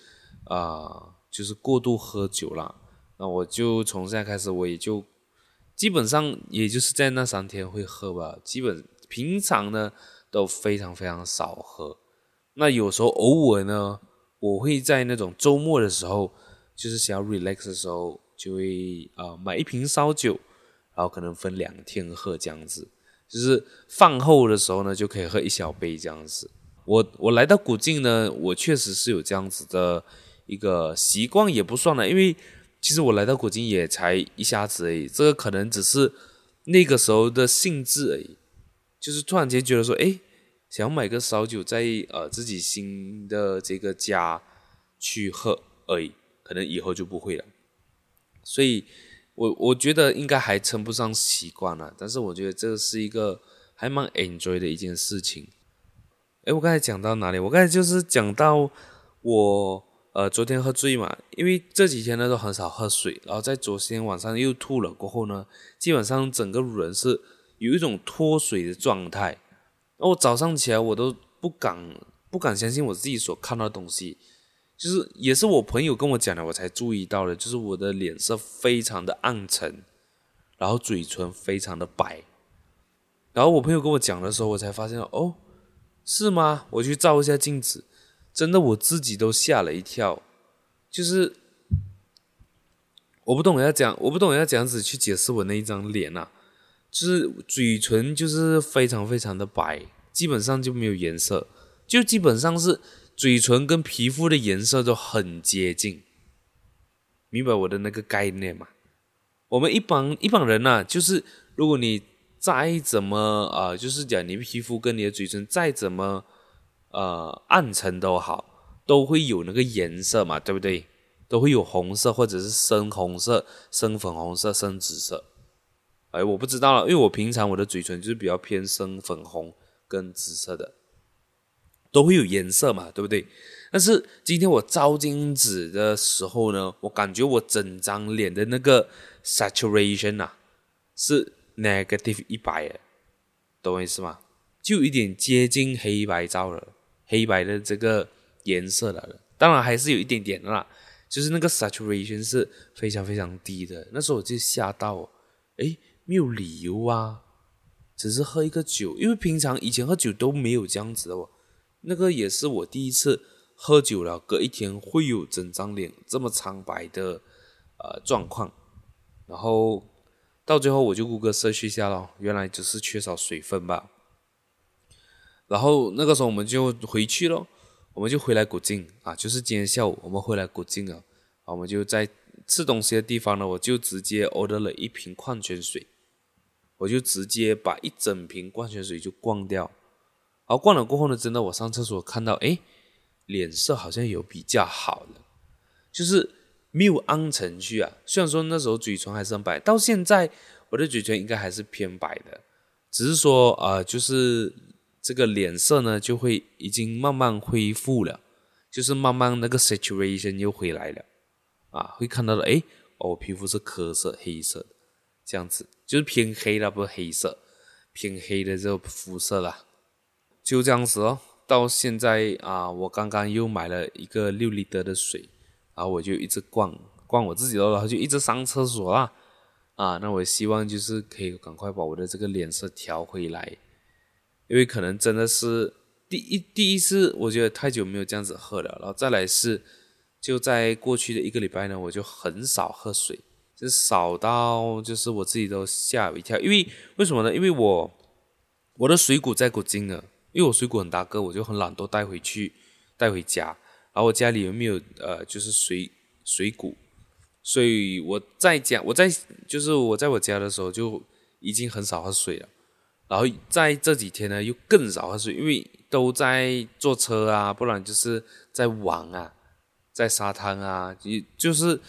啊、呃，就是過度喝酒啦。那我就從現在開始，我也就基本上也就是在那三天會喝吧，基本平常呢都非常非常少喝。那有時候偶爾呢，我會在那種周末的時候，就是想要 relax 的時候。就會啊、呃，買一瓶燒酒，然後可能分兩天喝這樣子，就是飯後的時候呢，就可以喝一小杯這樣子。我我來到古晉呢，我確實是有這樣子的一個習慣，也不算了，因為其實我來到古晉也才一下子而已，這個可能只是那個時候的性質而已，就是突然間覺得說，哎，想買個燒酒在呃自己新的這個家去喝而已，可能以後就不會了。所以，我我覺得應該還稱不上習慣了，但是我覺得這是一個還蠻 enjoy 的一件事情。誒，我剛才講到哪裡？我剛才就是講到我呃昨天喝醉嘛，因為這幾天呢都很少喝水，然後在昨天晚上又吐了過後呢，基本上整個人是有一種脫水的狀態。然後我早上起來我都不敢不敢相信我自己所看到的東西。就是也是我朋友跟我講的，我才注意到了，就是我的臉色非常的暗沉，然後嘴唇非常的白，然後我朋友跟我講的時候，我才發現哦，是嗎？我去照一下鏡子，真的我自己都嚇了一跳，就是我不懂要講，我不懂要怎樣子去解釋我那一張臉吶啊，就是嘴唇就是非常非常的白，基本上就沒有顏色，就基本上是。嘴唇跟皮膚的顏色都很接近，明白我的那個概念嗎？我們一般一般人啊，就是如果你再怎麼啊、呃，就是講你皮膚跟你的嘴唇再怎麼呃暗沉都好，都會有那個顏色嘛，對不對？都會有紅色或者是深紅色、深粉紅色、深紫色。哎，我不知道了，因為我平常我的嘴唇就是比較偏深粉紅跟紫色的。都會有顏色嘛，對不對？但是今天我照鏡子的時候呢，我感覺我整張臉的那個 saturation 啊，是 negative 一百，懂我意思嗎？就有一點接近黑白照了，黑白的這個顏色了的。當然還是有一點點的啦，就是那個 saturation 是非常非常低的。那時候我就嚇到，誒，沒有理由啊，只是喝一個酒，因為平常以前喝酒都沒有這樣子的哦。那個也是我第一次喝酒了，隔一天，會有整張臉這麼蒼白的呃狀況，然後到最後我就谷歌搜了一下咯，原來只是缺少水分吧。然後那個時候我們就回去咯，我們就回來古晉啊，就是今天下午我們回來古晉了，啊，我們就在吃東西的地方呢，我就直接 order 了一瓶礦泉水，我就直接把一整瓶礦泉水就灌掉。然後逛了過後呢，真的我上廁所看到，哎，臉色好像有比較好了，就是沒有暗沉去啊。雖然說那時候嘴唇還是很白，到現在我的嘴唇應該還是偏白的，只是說啊、呃，就是這個臉色呢就會已經慢慢恢復了，就是慢慢那個 saturation 又回來了，啊，會看到了，誒，哦，我皮膚是褐色、黑色的這樣子，就是偏黑了，不是黑色，偏黑的這個膚色啦。就這樣子哦，到現在啊，我剛剛又買了一個 6L 的水，然後我就一直灌灌我自己嘍，然後就一直上廁所啦。啊，那我希望就是可以趕快把我的這個臉色調回來，因為可能真的是第一第一次，我覺得太久沒有這樣子喝了，然後再來是就在過去的一個禮拜呢，我就很少喝水，就少到就是我自己都嚇一跳，因為為什麼呢？因為我我的水壺在古晉了因為我水果很大個，我就很懶惰帶回去，帶回家。然後我家裡有沒有呃，就是水水果，所以我在家，我在就是我在我家的時候就已經很少喝水了。然後在這幾天呢，又更少喝水，因為都在坐車啊，不然就是在玩啊，在沙灘啊，也就是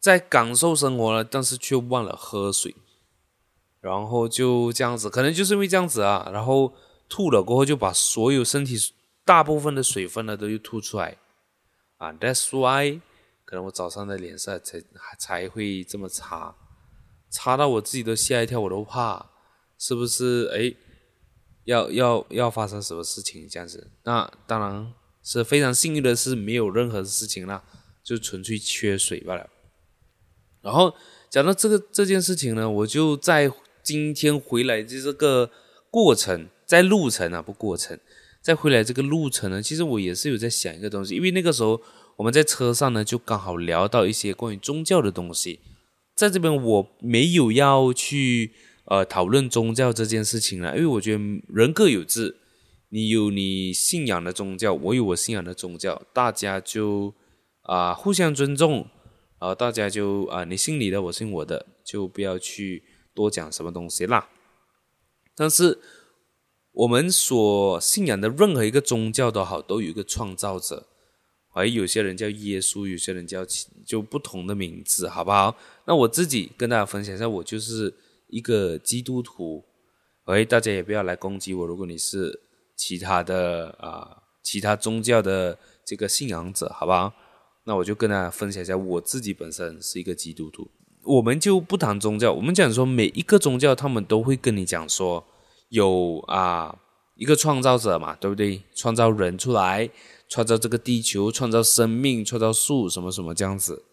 在感受生活了，但是卻忘了喝水。然後就這樣子，可能就是因為這樣子啊，然後。吐了過後，就把所有身體大部分的水分呢都又吐出來啊。That's why，可能我早上的臉色才才會這麼差，差到我自己都嚇一跳，我都怕是不是？哎，要要要發生什麼事情這樣子？那當然是非常幸運的，是沒有任何事情了，就純粹缺水罷了。然後講到這個這件事情呢，我就在今天回來的這個過程。在路程啊，不過程。在回來這個路程呢，其實我也是有在想一個東西，因為那個時候我們在車上呢，就剛好聊到一些關於宗教的東西。在這邊我沒有要去呃討論宗教這件事情了，因為我覺得人各有志，你有你信仰的宗教，我有我信仰的宗教，大家就啊、呃、互相尊重，啊、呃。大家就啊、呃、你信你的，我信我的，就不要去多講什麼東西啦。但是。我們所信仰的任何一個宗教都好，都有一個創造者，哎，有些人叫耶穌，有些人叫就不同的名字，好不好？那我自己跟大家分享一下，我就是一個基督徒，哎，大家也不要來攻擊我。如果你是其他的啊、呃，其他宗教的這個信仰者，好不好？那我就跟大家分享一下，我自己本身是一個基督徒。我們就不談宗教，我們講說每一個宗教，他們都會跟你講說。有啊，一個創造者嘛，對不對？創造人出來，創造這個地球，創造生命，創造樹，什麼什麼這樣子。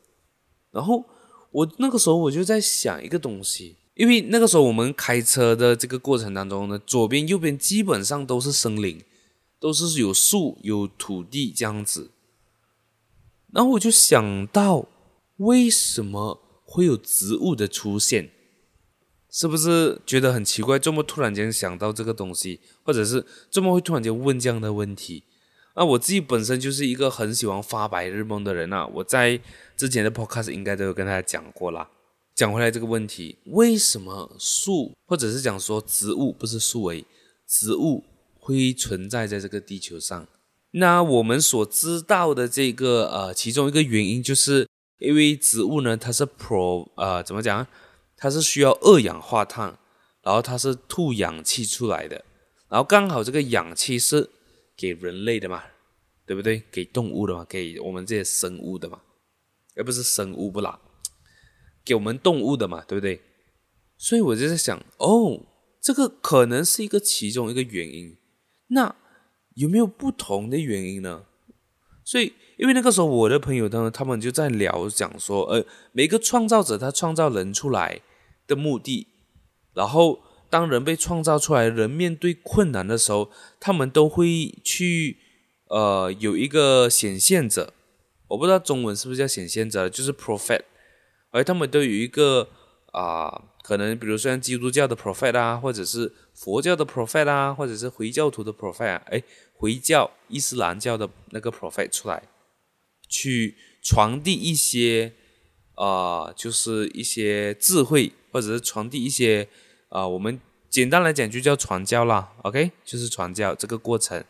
然後我那個時候我就在想一個東西，因為那個時候我們開車的這個過程當中呢，左邊右邊基本上都是森林，都是有樹有土地這樣子。然後我就想到，為什麼會有植物的出現？是不是覺得很奇怪？這麼突然間想到這個東西，或者是這麼會突然間問這樣的問題？那、啊、我自己本身就是一個很喜歡發白日夢的人吶、啊。我在之前的 podcast 應該都有跟大家講過啦，講回來這個問題，為什麼樹或者是講說植物不是樹誒，植物會存在在這個地球上？那我們所知道的這個呃其中一個原因就是因為植物呢，它是 pro 呃怎麼講、啊？它是需要二氧化碳，然後它是吐氧氣出來的，然後剛好這個氧氣是給人類的嘛，對不對？給動物的嘛，給我們這些生物的嘛，而不是生物不啦，給我們動物的嘛，對不對？所以我就在想，哦，這個可能是一個其中一個原因，那有沒有不同的原因呢？所以。因為那個時候，我的朋友呢，他們就在聊，講說，呃，每個創造者他創造人出來的目的，然後當人被創造出來，人面對困難的時候，他們都會去，呃，有一個顯現者，我不知道中文是不是叫顯現者，就是 prophet，而他們都有一個啊、呃，可能比如說像基督教的 prophet 啊，或者是佛教的 prophet 啊，或者是回教徒的 prophet 啊，哎，回教、伊斯蘭教的那個 prophet 出來。去傳遞一些啊、呃，就是一些智慧，或者是傳遞一些啊、呃，我們簡單來講就叫傳教啦，OK，就是傳教這個過程。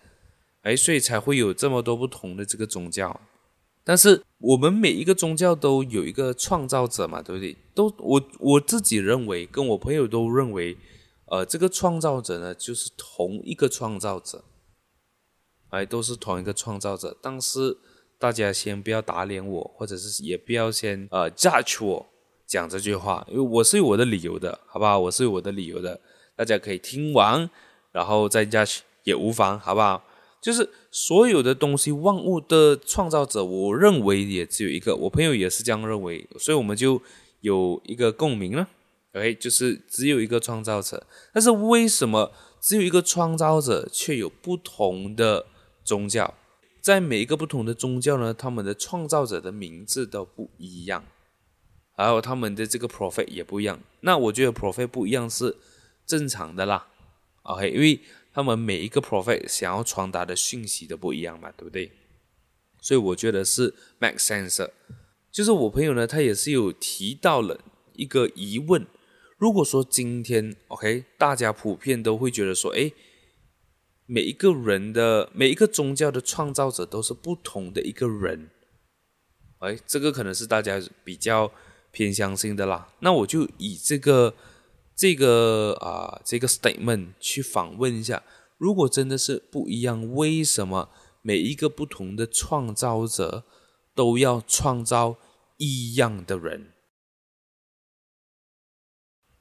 哎，所以才會有這麼多不同的這個宗教。但是我們每一個宗教都有一個創造者嘛，對不對？都我我自己認為，跟我朋友都認為，呃，這個創造者呢，就是同一個創造者，哎，都是同一個創造者，但是。大家先不要打臉我，或者是也不要先呃 judge 我講這句話，因為我是有我的理由的，好不好？我是有我的理由的，大家可以聽完，然後再 judge 也無妨，好不好？就是所有的東西，萬物的創造者，我認為也只有一個，我朋友也是這樣認為，所以我們就有一個共鳴了。OK，就是只有一個創造者，但是為什麼只有一個創造者，卻有不同的宗教？在每一個不同的宗教呢，他們的創造者的名字都不一樣，還有他們的這個 prophet 也不一樣。那我覺得 prophet 不一樣是正常的啦，OK，因為他們每一個 prophet 想要傳達的訊息都不一樣嘛，對不對？所以我覺得是 make sense，就是我朋友呢，他也是有提到了一個疑問，如果說今天 OK，大家普遍都會覺得說，哎。每一個人的每一個宗教的創造者都是不同的一個人，哎，這個可能是大家比較偏相信的啦。那我就以這個、這個啊、這個 statement 去訪問一下：如果真的是不一樣，為什麼每一個不同的創造者都要創造一樣的人？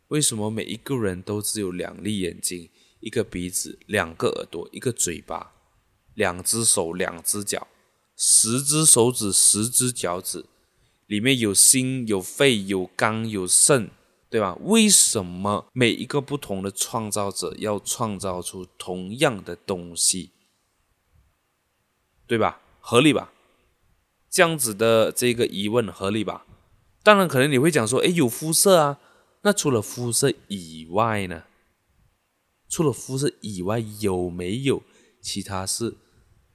為什麼每一個人都只有兩粒眼睛？一個鼻子，兩個耳朵，一個嘴巴，兩隻手，兩隻腳，十隻手指，十隻腳趾，裡面有心，有肺有，有肝，有腎，對吧？為什麼每一個不同的創造者要創造出同樣的東西，對吧？合理吧？這樣子的這個疑問合理吧？當然，可能你會講說，誒，有膚色啊，那除了膚色以外呢？除了膚色以外，有沒有其他是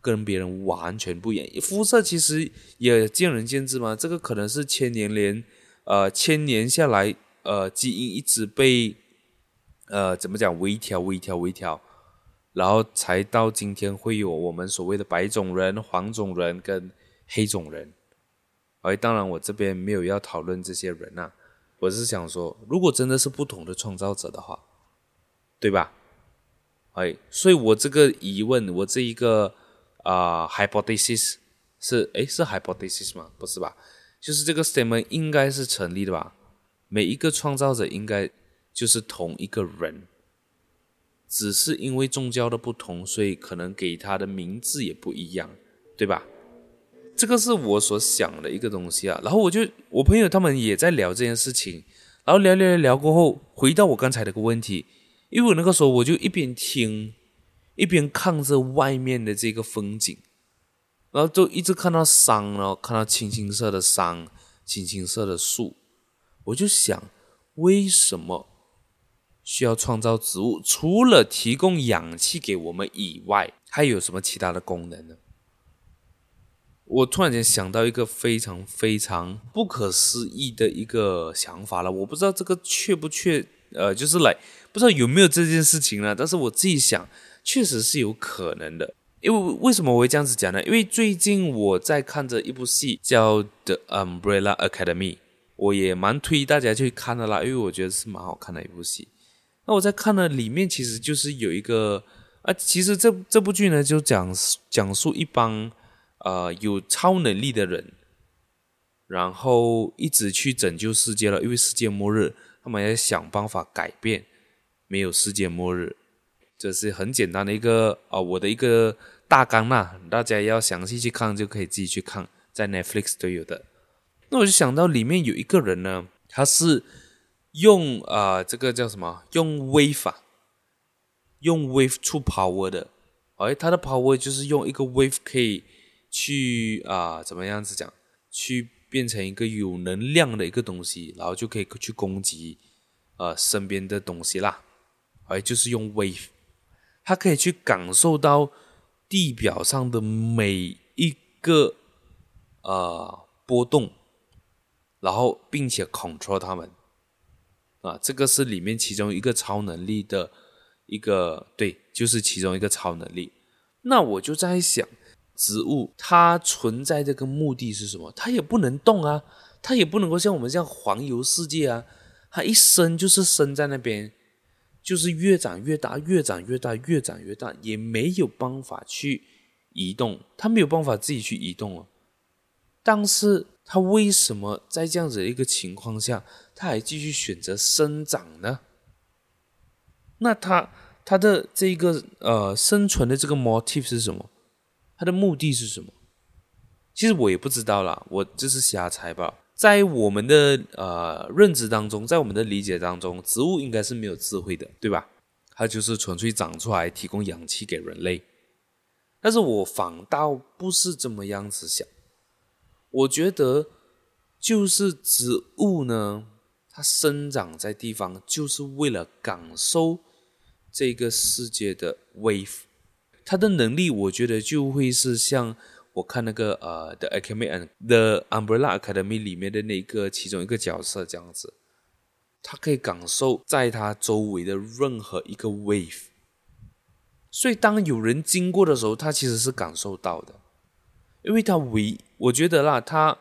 跟別人完全不一樣？膚色其實也見仁見智嘛。這個可能是千年連，呃，千年下來，呃，基因一直被，呃，怎麼講，微調、微調、微調，然後才到今天會有我們所謂的白種人、黃種人跟黑種人。而當然，我這邊沒有要討論這些人吶、啊，我是想說，如果真的是不同的創造者的話，對吧？哎，所以我這個疑問，我這一個啊、呃，hypothesis 是，哎是 hypothesis 嗎？不是吧？就是這個 statement 應該是成立的吧？每一個創造者應該就是同一個人，只是因為宗教的不同，所以可能給他的名字也不一樣，對吧？這個是我所想的一個東西啊。然後我就我朋友他們也在聊這件事情，然後聊一聊聊聊過後，回到我剛才那個問題。因為我那個時候，我就一邊聽，一邊看着外面的這個風景，然後就一直看到山，然後看到青青色的山，青青色的樹，我就想，為什麼需要創造植物？除了提供氧氣給我們以外，還有什麼其他的功能呢？我突然間想到一個非常非常不可思議的一個想法了，我不知道這個確不確，呃，就是來。不知道有沒有這件事情呢？但是我自己想，確實是有可能的。因為為什麼我會這樣子講呢？因為最近我在看着一部戲叫《The Umbrella Academy》，我也蠻推大家去看的啦。因為我覺得是蠻好看的一部戲。那我在看的裡面其實就是有一個啊，其實這這部劇呢，就講講述一幫呃有超能力的人，然後一直去拯救世界了。因為世界末日，他們也想辦法改變。沒有世界末日，這是很簡單的一個啊、呃，我的一個大綱啦、啊。大家要詳細去看，就可以自己去看，在 Netflix 都有的。那我就想到裡面有一個人呢，他是用啊、呃，這個叫什麼？用 wave，啊、用 wave w e r 的。哎，他的 power 就是用一個 wave 可以去啊、呃，怎麼樣子講？去變成一個有能量的一個東西，然後就可以去攻擊呃身邊的東西啦。就是用 wave，它可以去感受到地表上的每一個呃波動，然後並且 control 它們啊，這個是裡面其中一個超能力的一個對，就是其中一個超能力。那我就在想，植物它存在這個目的是什麼？它也不能動啊，它也不能夠像我們這樣環遊世界啊，它一生就是生在那邊。就是越長越大，越長越大，越長越大，也沒有辦法去移動，它沒有辦法自己去移動啊，但是它為什麼在這樣子的一個情況下，它還繼續選擇生長呢？那它它的這一個呃生存的這個 motif 是什麼？它的目的是什麼？其實我也不知道啦，我就是瞎猜吧。在我們的呃認知當中，在我們的理解當中，植物應該是沒有智慧的，對吧？它就是純粹長出來提供氧氣給人類。但是我反倒不是這麼樣子想，我覺得就是植物呢，它生長在地方就是為了感受這個世界的威。它的能力我覺得就會是像，我看那個呃，uh,《The Academy》《The Umbrella Academy》裡面的那個其中一個角色，這樣子，他可以感受在他周圍的任何一個 wave，所以當有人經過的時候，他其實是感受到的，因為他為，我覺得啦，他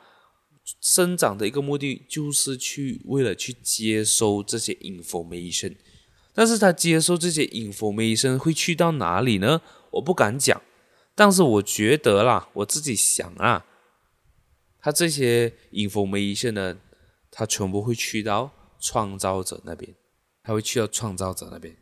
生長的一個目的就是去為了去接收這些 information，但是他接受這些 information 會去到哪裡呢？我不敢講。但是我覺得啦，我自己想啊，他這些 information 呢，他全部會去到創造者那邊，他會去到創造者那邊，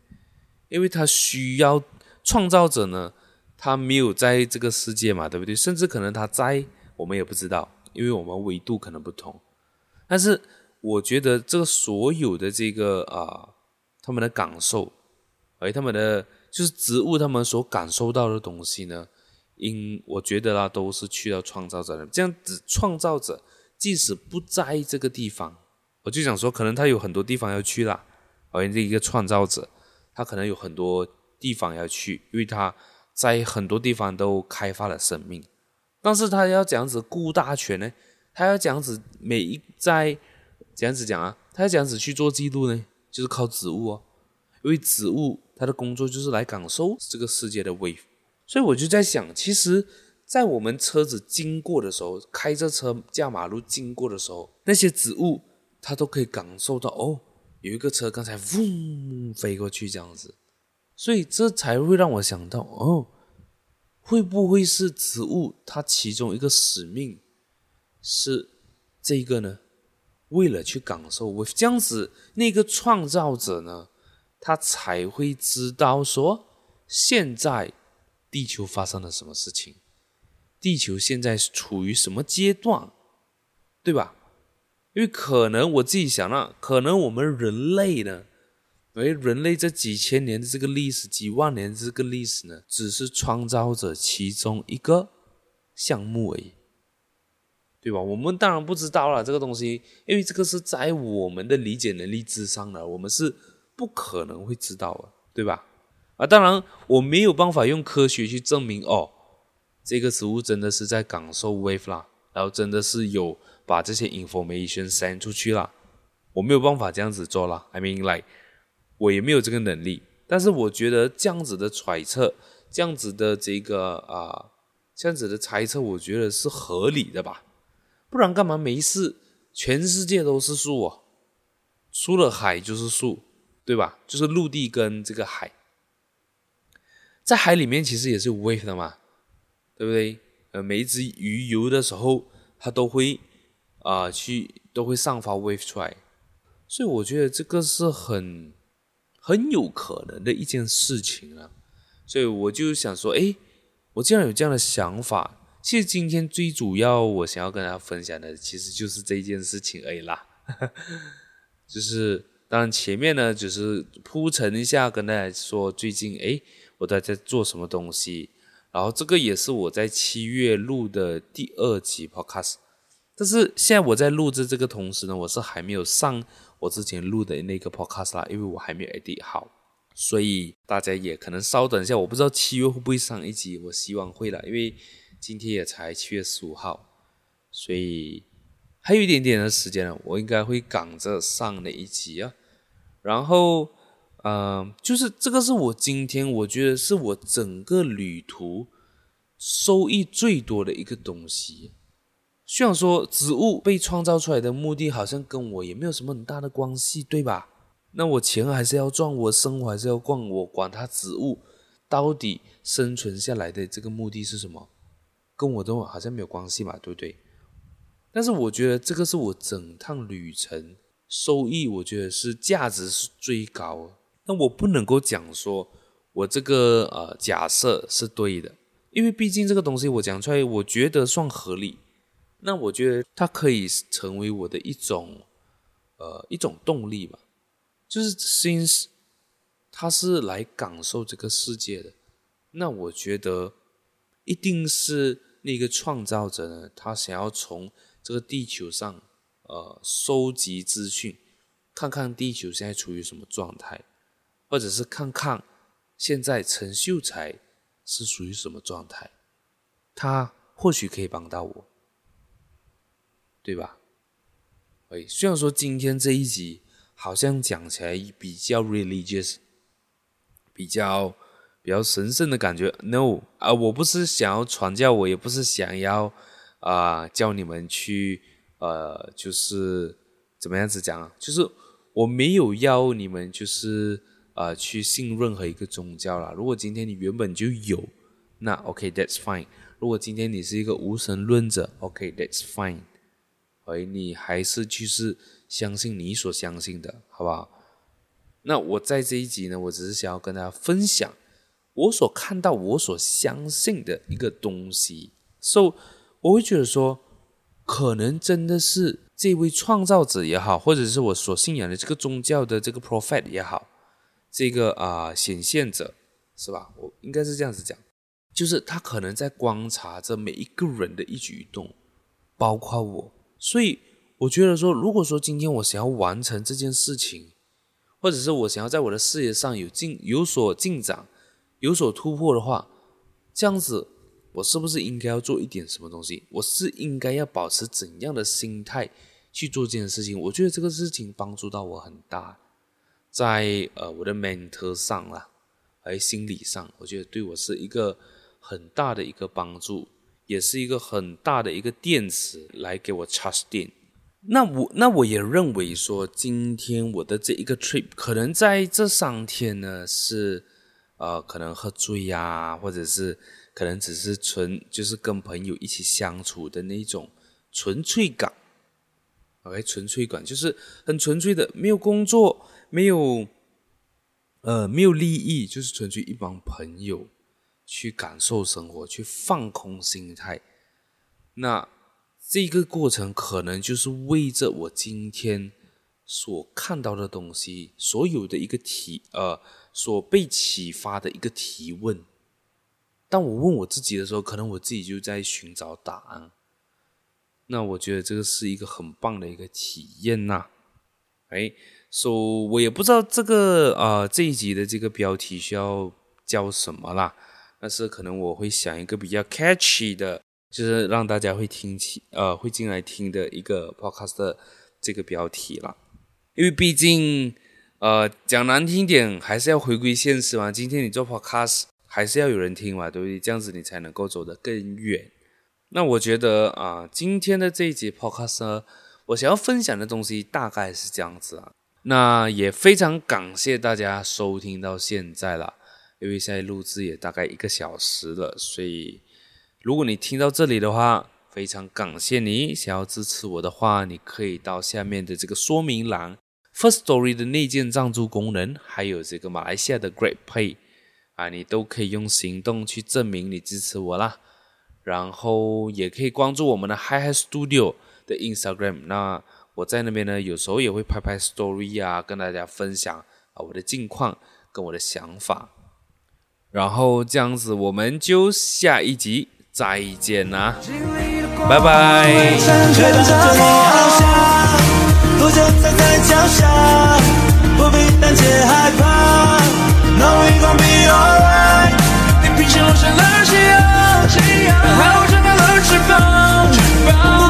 因為他需要創造者呢，他沒有在這個世界嘛，對不對？甚至可能他在我們也不知道，因為我們維度可能不同。但是我覺得這個所有的這個啊、呃，他們的感受，而他們的就是植物他們所感受到的東西呢。因我覺得啦，都是去到創造者的，這樣子創造者即使不在這個地方，我就想說，可能他有很多地方要去啦。好像這一個創造者，他可能有很多地方要去，因為他在很多地方都開發了生命。但是他要這樣子顧大全呢，他要這樣子每一在這樣子講啊，他要這樣子去做記錄呢，就是靠植物哦，因為植物他的工作就是來感受這個世界的微，所以我就在想，其實，在我們車子經過的時候，開着車駕馬路經過的時候，那些植物它都可以感受到哦，有一個車剛才嗡飛過去這樣子，所以這才會讓我想到哦，會不會是植物它其中一個使命是這個呢？為了去感受我這樣子，那個創造者呢，他才會知道說現在。地球發生了什麼事情？地球現在處於什麼階段？對吧？因為可能我自己想呢，啊，可能我們人類呢，因為人類這幾千年的這個歷史，幾萬年的這個歷史呢，只是創造者其中一個項目而已，對吧？我們當然不知道了這個東西，因為這個是在我們的理解能力之上的，我們是不可能會知道的，對吧？啊，當然我沒有辦法用科學去證明哦，這個植物真的是在感受 wave 啦，然後真的是有把這些 information send 出去啦，我沒有辦法這樣子做了，I mean like 我也沒有這個能力。但是我覺得這樣子的揣測，這樣子的這個啊，這樣子的猜測，我覺得是合理的吧？不然幹嘛沒事？全世界都是樹哦，除了海就是樹，對吧？就是陸地跟這個海。在海裡面其實也是 wave 的嘛，對不對？呃，每一隻魚游的時候，它都會啊、呃、去都會上發 wave 出來，所以我覺得這個是很很有可能的一件事情啊。所以我就想說，誒，我既然有這樣的想法，其實今天最主要我想要跟大家分享的，其實就是這一件事情而已啦。 就是當然前面呢，只、就是鋪陳一下，跟大家說最近誒。我在在做什麼東西，然後這個也是我在七月錄的第二集 podcast，但是現在我在錄製這個同時呢，我是還沒有上我之前錄的那個 podcast 啦，因為我還沒有 edit 好，所以大家也可能稍等一下，我不知道七月會不會上一集，我希望會啦，因為今天也才七月十五號，所以還有一點點的時間呢，我應該會趕着上哪一集啊，然後。嗯、呃，就是這個是我今天我覺得是我整個旅途收益最多的一個東西。雖然說植物被創造出來的目的好像跟我也沒有什麼很大的關係，對吧？那我錢還是要賺，我生活還是要逛我，我管它植物到底生存下來的這個目的是什麼，跟我的話好像沒有關係嘛，對不對？但是我覺得這個是我整趟旅程收益，我覺得是價值是最高。那我不能夠講說，我這個呃假設是對的，因為畢竟這個東西我講出來，我覺得算合理。那我覺得它可以成為我的一種呃一種動力吧，就是 since 它是來感受這個世界的，那我覺得一定是那個創造者呢，他想要從這個地球上呃收集資訊，看看地球現在處於什麼狀態。或者是看看現在陳秀財是屬於什麼狀態，他或許可以幫到我，對吧？哎，雖然說今天這一集好像講起來比較 religious，比較比較神聖的感覺。No 啊、呃，我不是想要傳教，我也不是想要啊、呃、叫你們去呃，就是怎麼樣子講啊？就是我沒有要你們就是。呃，去信任何一個宗教啦，如果今天你原本就有，那 OK，that's fine。如果今天你是一個無神論者，OK，that's fine。而你還是就是相信你所相信的，好不好？那我在這一集呢，我只是想要跟大家分享我所看到、我所相信的一個東西。所以我會覺得說，可能真的是這位創造者也好，或者是我所信仰的這個宗教的這個 prophet 也好。這個啊、呃，顯現者是吧？我應該是這樣子講，就是他可能在觀察着每一個人的一舉一動，包括我。所以我覺得說，如果說今天我想要完成這件事情，或者是我想要在我的事業上有進有所進展，有所突破的話，這樣子我是不是應該要做一點什麼東西？我是應該要保持怎樣的心態去做這件事情？我覺得這個事情幫助到我很大。在呃我的 mental 上啦，還心理上，我覺得對我是一個很大的一個幫助，也是一個很大的一個電池來給我 charge 電。那我那我也認為說，今天我的這一個 trip 可能在這三天呢是，呃可能喝醉呀、啊，或者是可能只是純就是跟朋友一起相處的那種純粹感，OK 純粹感就是很純粹的，沒有工作。沒有，呃，沒有利益，就是純粹一幫朋友去感受生活，去放空心態。那這個過程可能就是為着我今天所看到的東西，所有的一個提，呃，所被啟發的一個提問。當我問我自己的時候，可能我自己就在尋找答案。那我覺得這個是一個很棒的一個體驗吶、啊。Hey, s、so, 所我也不知道這個啊、呃、這一集的這個標題需要叫什麼啦，但是可能我會想一個比較 catchy 的，就是讓大家會聽起呃會進來聽的一個 podcast 的這個標題啦。因為畢竟呃講難聽點還是要回歸現實嘛，今天你做 podcast 還是要有人聽嘛，對不對？這樣子你才能夠走得更遠。那我覺得啊、呃、今天的這一集 podcast。我想要分享的東西大概是這樣子啊，那也非常感謝大家收聽到現在了，因為現在錄製也大概一個小時了，所以如果你聽到這裡的話，非常感謝你。想要支持我的話，你可以到下面的這個說明欄，Firstory 的內建贊助功能，還有這個馬來西亞的 Grab Pay，啊，你都可以用行動去證明你支持我啦。然後也可以關注我們的 Hyhy Studio，的 Instagram，那我在那邊呢，有時候也會拍拍 Story 啊，跟大家分享啊我的近況跟我的想法，然後這樣子我們就下一集再見啦，拜拜的。能不能